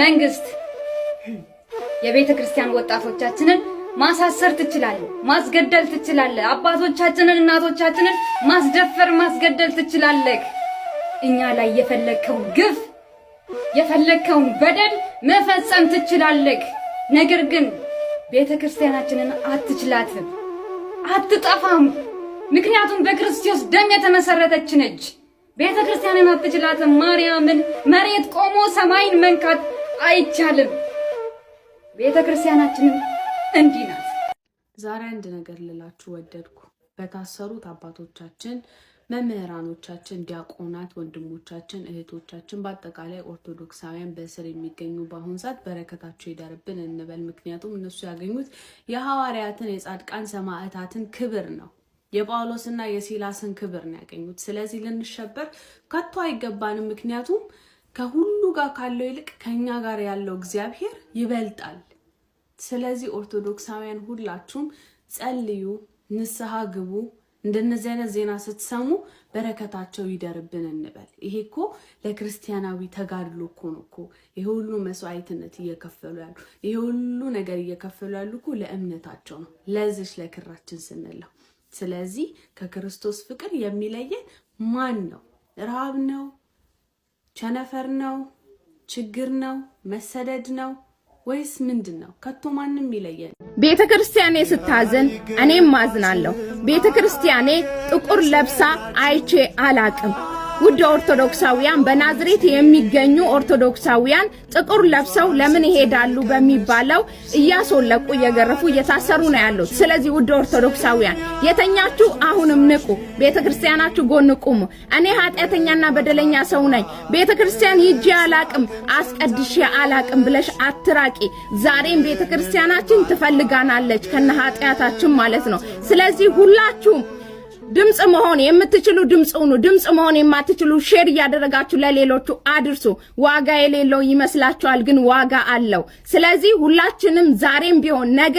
መንግስት የቤተ ክርስቲያን ወጣቶቻችንን ማሳሰር ትችላለህ፣ ማስገደል ትችላለህ። አባቶቻችንን እናቶቻችንን ማስደፈር ማስገደል ትችላለህ። እኛ ላይ የፈለግከውን ግፍ የፈለግከውን በደል መፈጸም ትችላለህ። ነገር ግን ቤተ ክርስቲያናችንን አትችላትም፣ አትጠፋም። ምክንያቱም በክርስቶስ ደም የተመሰረተች ነች። ቤተ ክርስቲያንን አትችላትም። ማርያምን መሬት ቆሞ ሰማይን መንካት አይቻልም። ቤተ ክርስቲያናችንም እንዲህ ናት። ዛሬ አንድ ነገር ልላችሁ ወደድኩ። በታሰሩት አባቶቻችን መምህራኖቻችን፣ ዲያቆናት፣ ወንድሞቻችን፣ እህቶቻችን በአጠቃላይ ኦርቶዶክሳውያን በእስር የሚገኙ በአሁን ሰዓት በረከታቸው ይደርብን እንበል። ምክንያቱም እነሱ ያገኙት የሐዋርያትን የጻድቃን ሰማዕታትን ክብር ነው። የጳውሎስና የሲላስን ክብር ነው ያገኙት። ስለዚህ ልንሸበር ከቶ አይገባንም። ምክንያቱም ከሁሉ ጋር ካለው ይልቅ ከኛ ጋር ያለው እግዚአብሔር ይበልጣል። ስለዚህ ኦርቶዶክሳውያን ሁላችሁም ጸልዩ፣ ንስሐ ግቡ። እንደነዚህ አይነት ዜና ስትሰሙ በረከታቸው ይደርብን እንበል። ይሄ እኮ ለክርስቲያናዊ ተጋድሎ እኮ ነው እኮ ይሄ ሁሉ መስዋዕትነት እየከፈሉ ያሉ ይሄ ሁሉ ነገር እየከፈሉ ያሉ እኮ ለእምነታቸው ነው፣ ለዚች ለክራችን ስንለው። ስለዚህ ከክርስቶስ ፍቅር የሚለየን ማን ነው? ረሃብ ነው ቸነፈር ነው፣ ችግር ነው፣ መሰደድ ነው ወይስ ምንድን ነው? ከቶ ማንም ይለየን። ቤተ ክርስቲያኔ ስታዝን እኔም ማዝናለሁ። ቤተ ክርስቲያኔ ጥቁር ለብሳ አይቼ አላቅም። ውድ ኦርቶዶክሳውያን በናዝሬት የሚገኙ ኦርቶዶክሳውያን ጥቁር ለብሰው ለምን ይሄዳሉ በሚባለው እያስወለቁ እየገረፉ እየታሰሩ ነው ያሉት። ስለዚህ ውድ ኦርቶዶክሳውያን የተኛችሁ አሁንም ንቁ፣ ቤተ ክርስቲያናችሁ ጎን ቁሙ። እኔ ኃጢአተኛና በደለኛ ሰው ነኝ፣ ቤተ ክርስቲያን አላቅም፣ አስቀድሼ አላቅም ብለሽ አትራቂ። ዛሬም ቤተ ክርስቲያናችን ትፈልጋናለች ከነ ኃጢአታችን ማለት ነው። ስለዚህ ሁላችሁም ድምፅ መሆን የምትችሉ ድምፅ ሁኑ። ድምፅ መሆን የማትችሉ ሼር እያደረጋችሁ ለሌሎቹ አድርሱ። ዋጋ የሌለው ይመስላችኋል፣ ግን ዋጋ አለው። ስለዚህ ሁላችንም ዛሬም ቢሆን ነገ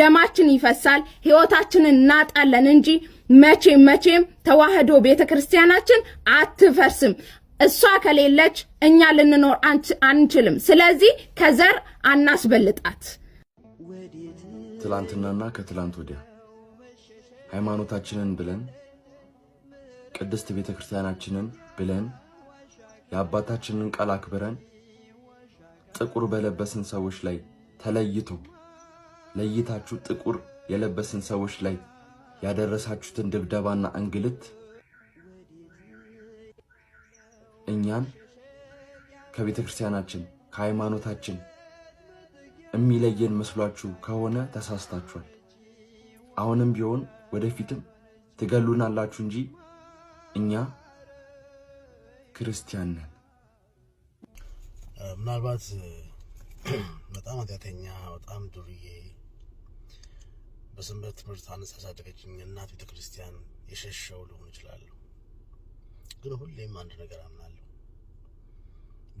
ደማችን ይፈሳል፣ ህይወታችንን እናጣለን እንጂ መቼም መቼም ተዋህዶ ቤተ ክርስቲያናችን አትፈርስም። እሷ ከሌለች እኛ ልንኖር አንችልም። ስለዚህ ከዘር አናስበልጣት። ትላንትናና ከትላንት ወዲያ ሃይማኖታችንን ብለን ቅድስት ቤተ ክርስቲያናችንን ብለን የአባታችንን ቃል አክብረን ጥቁር በለበስን ሰዎች ላይ ተለይቶ ለይታችሁ ጥቁር የለበስን ሰዎች ላይ ያደረሳችሁትን ድብደባና እንግልት እኛን ከቤተ ክርስቲያናችን ከሃይማኖታችን የሚለየን መስሏችሁ ከሆነ ተሳስታችኋል። አሁንም ቢሆን ወደፊትም ትገሉናላችሁ እንጂ እኛ ክርስቲያን ነን። ምናልባት በጣም አጢአተኛ በጣም ዱርዬ በሰንበት ትምህርት አነሳ ያሳደገችኝ እናት ቤተ ክርስቲያን የሸሸው ልሆን እችላለሁ። ግን ሁሌም አንድ ነገር አምናለሁ።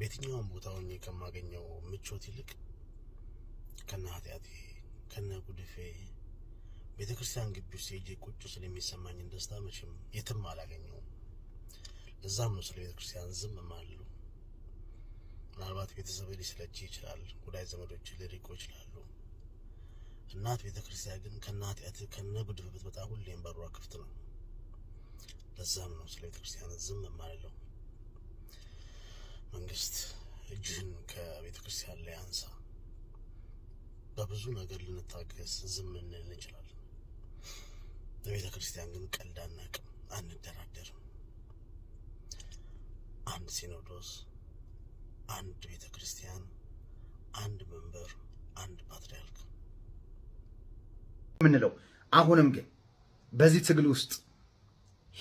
በየትኛውም ቦታ ሆኜ ከማገኘው ምቾት ይልቅ ከነ ኃጢአቴ ከነ ጉድፌ ቤተ ክርስቲያን ግቢ ውስጥ ሄጄ ቁጭ ስለሚሰማኝን ደስታ መቼም የትም አላገኘውም። ለዛም ነው ስለ ቤተ ክርስቲያን ዝም ማሉ። ምናልባት ቤተሰብ ሊስለች ይችላል፣ ጉዳይ ዘመዶች ሊርቁ ይችላሉ። እናት ቤተ ክርስቲያን ግን ከእናት ያት ከነ ጉድፍ ሁሌም በሯ ክፍት ነው። ለዛም ነው ስለ ቤተ ክርስቲያን ዝም ማለለው። መንግስት እጅህን ከቤተ ክርስቲያን ላይ አንሳ። በብዙ ነገር ልንታገስ ዝም ልንል እንችላለን። በቤተ ክርስቲያን ግን ቀልድ አናቅም፣ አንደራደርም። አንድ ሲኖዶስ፣ አንድ ቤተ ክርስቲያን፣ አንድ መንበር፣ አንድ ፓትርያርክ የምንለው አሁንም ግን በዚህ ትግል ውስጥ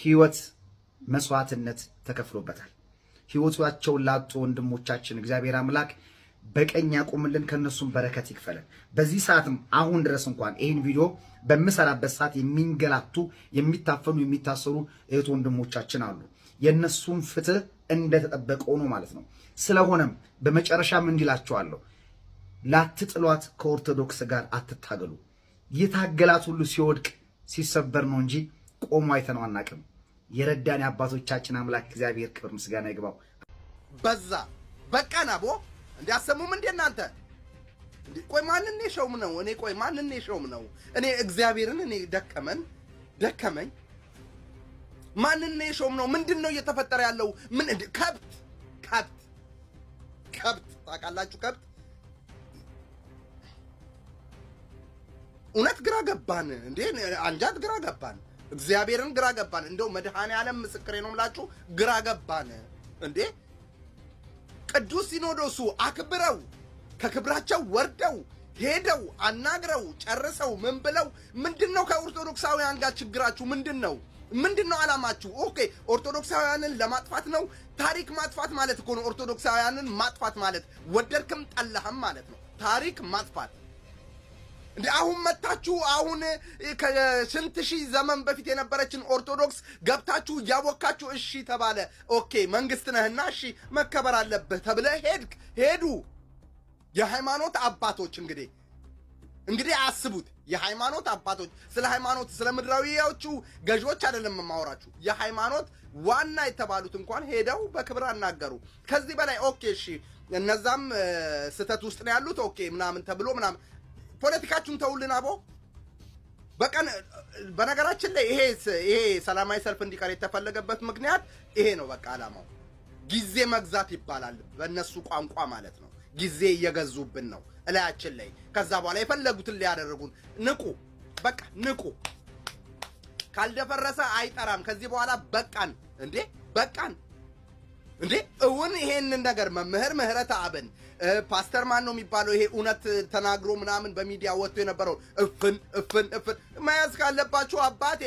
ህይወት መስዋዕትነት ተከፍሎበታል። ህይወታቸውን ላጡ ወንድሞቻችን እግዚአብሔር አምላክ በቀኝ ያቁምልን፣ ከነሱም በረከት ይክፈልን። በዚህ ሰዓትም አሁን ድረስ እንኳን ይህን ቪዲዮ በምሰራበት ሰዓት የሚንገላቱ የሚታፈኑ፣ የሚታሰሩ እህት ወንድሞቻችን አሉ። የእነሱም ፍትህ እንደተጠበቀው ነው ማለት ነው። ስለሆነም በመጨረሻም እንዲላቸዋለሁ ላትጥሏት፣ ከኦርቶዶክስ ጋር አትታገሉ። የታገላት ሁሉ ሲወድቅ ሲሰበር ነው እንጂ ቆሞ አይተነው አናቅም። የረዳን የአባቶቻችን አምላክ እግዚአብሔር ክብር ምስጋና ይግባው። በዛ በቀናቦ እንዲያሰሙም እንዴ እናንተ ቆይ ማንን ሸውም ነው እኔ ቆይ ማንን ሸውም ነው እኔ እግዚአብሔርን እኔ ደከመን ደከመኝ ማንን ሸውም ነው ምንድን ነው እየተፈጠረ ያለው ምን ከብት ከብት ከብት ታውቃላችሁ ከብት እውነት ግራ ገባን እንዴ አንጃት ግራ ገባን እግዚአብሔርን ግራ ገባን እንደው መድኃኔ ዓለም ምስክሬ ነው የምላችሁ ግራ ገባን እንዴ ቅዱስ ሲኖዶሱ አክብረው ከክብራቸው ወርደው ሄደው አናግረው ጨርሰው ምን ብለው ምንድን ነው ከኦርቶዶክሳውያን ጋር ችግራችሁ ምንድን ነው? ምንድን ነው አላማችሁ? ኦኬ ኦርቶዶክሳውያንን ለማጥፋት ነው። ታሪክ ማጥፋት ማለት እኮ ነው። ኦርቶዶክሳውያንን ማጥፋት ማለት ወደድክም ጠላህም ማለት ነው። ታሪክ ማጥፋት እንደ አሁን መታችሁ አሁን ከስንት ሺህ ዘመን በፊት የነበረችን ኦርቶዶክስ ገብታችሁ እያቦካችሁ እሺ ተባለ። ኦኬ መንግስት ነህና እሺ መከበር አለብህ ተብለ ሄድክ ሄዱ የሃይማኖት አባቶች እንግዲህ እንግዲህ አስቡት የሃይማኖት አባቶች ስለ ሃይማኖት ስለ ምድራዊዎቹ ገዢዎች አይደለም የማወራችሁ። የሃይማኖት ዋና የተባሉት እንኳን ሄደው በክብር አናገሩ። ከዚህ በላይ ኦኬ እሺ እነዛም ስህተት ውስጥ ነው ያሉት ኦኬ ምናምን ተብሎ ምናምን ፖለቲካችሁን ተውልን። አቦ በቀን በነገራችን ላይ ይሄ ይሄ ሰላማዊ ሰልፍ እንዲቀር የተፈለገበት ምክንያት ይሄ ነው። በቃ አላማው ጊዜ መግዛት ይባላል በእነሱ ቋንቋ ማለት ነው። ጊዜ እየገዙብን ነው እላያችን ላይ። ከዛ በኋላ የፈለጉትን ሊያደርጉን። ንቁ፣ በቃ ንቁ። ካልደፈረሰ አይጠራም ከዚህ በኋላ በቃን እንዴ፣ በቃን እንዴ እውን ይሄንን ነገር መምህር ምህረት አብን ፓስተር ማን ነው የሚባለው? ይሄ እውነት ተናግሮ ምናምን በሚዲያ ወጥቶ የነበረው እፍን እፍን እፍን መያዝ ካለባችሁ አባቴ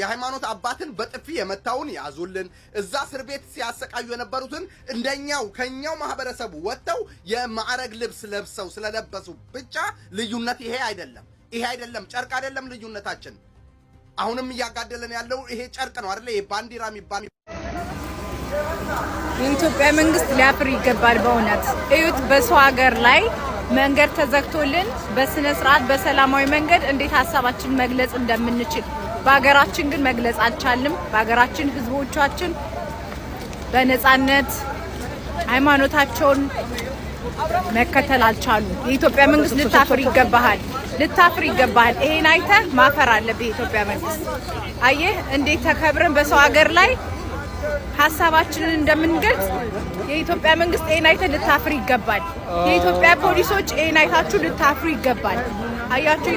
የሃይማኖት አባትን በጥፊ የመታውን ያዙልን። እዛ እስር ቤት ሲያሰቃዩ የነበሩትን እንደኛው ከኛው ማህበረሰቡ ወጥተው የማዕረግ ልብስ ለብሰው ስለለበሱ ብቻ ልዩነት ይሄ አይደለም፣ ይሄ አይደለም፣ ጨርቅ አይደለም ልዩነታችን። አሁንም እያጋደለን ያለው ይሄ ጨርቅ ነው አይደለ? ይሄ ባንዲራ የሚባል የኢትዮጵያ መንግስት ሊያፍር ይገባል። በእውነት እዩት፣ በሰው ሀገር ላይ መንገድ ተዘግቶልን በስነ ስርዓት በሰላማዊ መንገድ እንዴት ሀሳባችን መግለጽ እንደምንችል በሀገራችን ግን መግለጽ አልቻልም። በሀገራችን ህዝቦቻችን በነፃነት ሃይማኖታቸውን መከተል አልቻሉ። የኢትዮጵያ መንግስት ልታፍር ይገባሃል፣ ልታፍር ይገባሃል። ይሄን አይተህ ማፈር አለብህ። የኢትዮጵያ መንግስት አየህ እንዴት ተከብረን በሰው ሀገር ላይ ሀሳባችንን እንደምንገልጽ የኢትዮጵያ መንግስት ይሄን አይተህ ልታፍር ይገባል። የኢትዮጵያ ፖሊሶች ይሄን አይታችሁ ልታፍሩ ይገባል። አያችሁ፣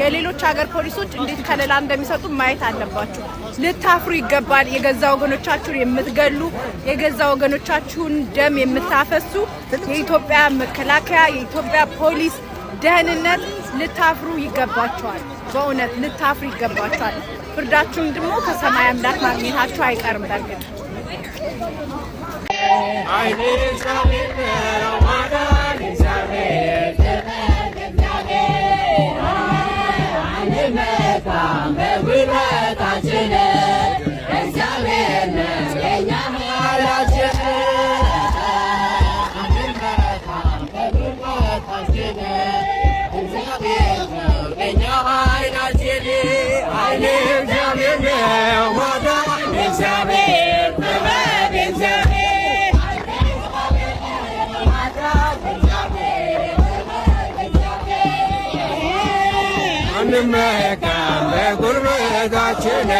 የሌሎች ሀገር ፖሊሶች እንዴት ከለላ እንደሚሰጡ ማየት አለባችሁ። ልታፍሩ ይገባል። የገዛ ወገኖቻችሁን የምትገሉ፣ የገዛ ወገኖቻችሁን ደም የምታፈሱ የኢትዮጵያ መከላከያ፣ የኢትዮጵያ ፖሊስ ደህንነት ልታፍሩ ይገባቸዋል። በእውነት ልታፍሩ ይገባቸዋል። ፍርዳችሁን ደግሞ ከሰማይ አምላክ ማግኘታችሁ አይቀርም። በእርግጥ በውለታችን መካን በጉልበታችን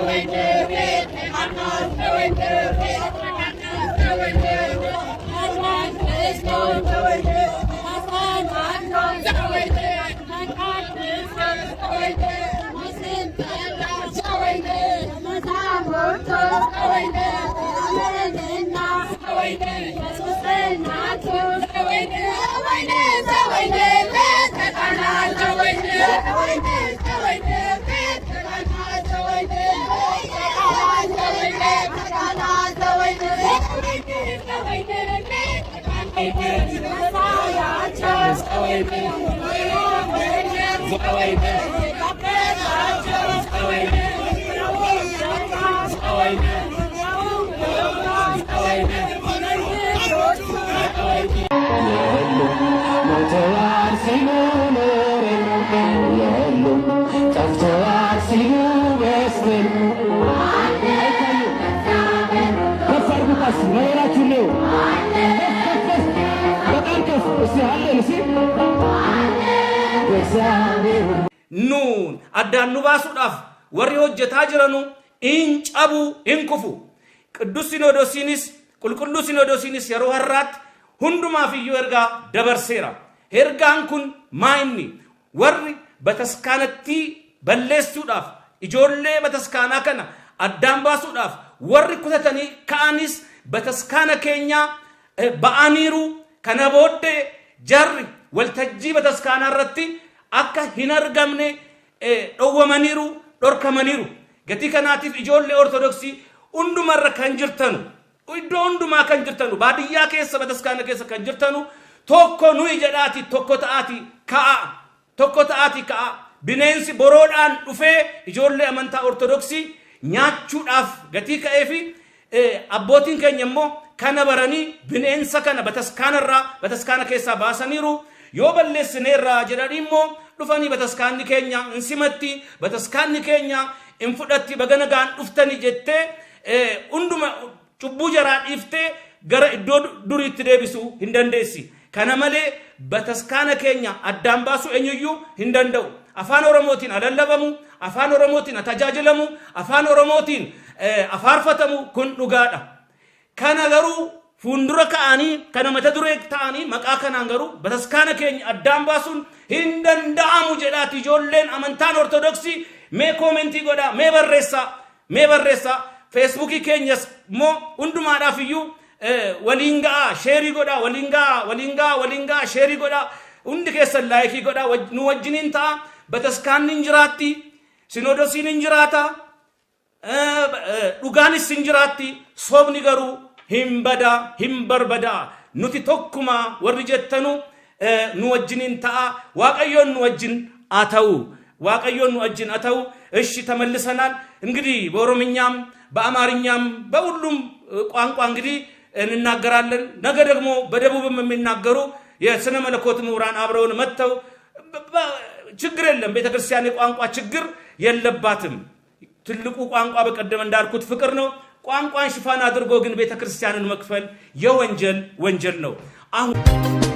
not in there! Zoe Messiah Church, Zoe Zoe Zoe Yeah, look, nuun addaan nu baasuudhaaf warri hojjetaa jiranu hin cabuu hin kufu qidduus sinodoosiinis qulqulluu sinodoosiinis yeroo har'aatti hundumaaf iyyuu ergaa dabarseera ergaan kun maa inni warri bataskaanattii balleessuudhaaf ijoollee bataskaanaa kana addaan baasuudhaaf warri kutatanii ka'anis bataskaana keenyaa ba'aniiru kana booddee jarri waltajjiiba taskaanaa irratti akka hin argamne dhowwamaniiru dhorkamaniiru gatii kanaatiif ijoollee ortodoksii hundumarra kan jirtanu iddoo hundumaa kan jirtanu baadiyyaa keessa bataskaana keessa kan jirtanu tokko nuyi jedhaati tokko ta'aati ka'a tokko ta'aati ka'a bineensi boroodhaan dhufee ijoollee amantaa ortodoksii nyaachuudhaaf gatii ka'ee fi abbootiin keenya immoo kana baranii bineensa kana bataskaanarraa bataskaana keessaa baasaniiru yoo balleessineerraa jedhan immoo dhufanii bataskaanni keenya hin simatti bataskaanni keenya hin fudhatti baganagaan dhuftani jettee hunduma cubbuu jaraa dhiiftee gara iddoo duriitti deebisuu hin dandeessi. Kana malee bataskaana keenya addaan baasuu eenyuyyuu hin danda'u. Afaan Oromootiin alallabamu, afaan Oromootiin tajaajilamu, afaan Oromootiin afaarfatamu kun dhugaadha. ከነገሩ ፉንዱረ ከአኒ ከነመተ ዱሬ ታአኒ መቃ በተስካነ ኬኝ አዳምባሱን ሂንደንዳአሙ ጀዳት ጆሌን አመንታን ኦርቶዶክሲ ሜ ኮሜንቲ ጎዳ ሜ በሬሳ ሜ በሬሳ ፌስቡክ ኬኝስ ሞ ሁንዱማ ዳፍዩ ወሊንጋ ሼሪ ጎዳ ወሊንጋ ወሊንጋ ወሊንጋ ሼሪ ጎዳ ሁንድ ኬሰን ላይኪ ጎዳ ንወጅኒን ታ በተስካን እንጅራቲ ሲኖዶሲን እንጅራታ ዱጋኒስ እንጅራቲ ሶብ ንገሩ himbada hin barbada nuti tokkuma warri jettanu nu wajjiniin ta'a waaqayyoon nu wajjin ata'u waaqayዮን እጅን አተው እሺ ተመልሰናል እንግዲህ በኦሮምኛም በአማርኛም በሁሉም ቋንቋ እንግዲህ እንናገራለን ነገ ደግሞ በደቡብም የሚናገሩ የስነ መለኮት ምሁራን አብረውን መጥተው ችግር የለም ቤተክርስቲያን የቋንቋ ችግር የለባትም ትልቁ ቋንቋ በቀደም እንዳልኩት ፍቅር ነው ቋንቋን ሽፋን አድርጎ ግን ቤተ ክርስቲያንን መክፈል የወንጀል ወንጀል ነው። አሁን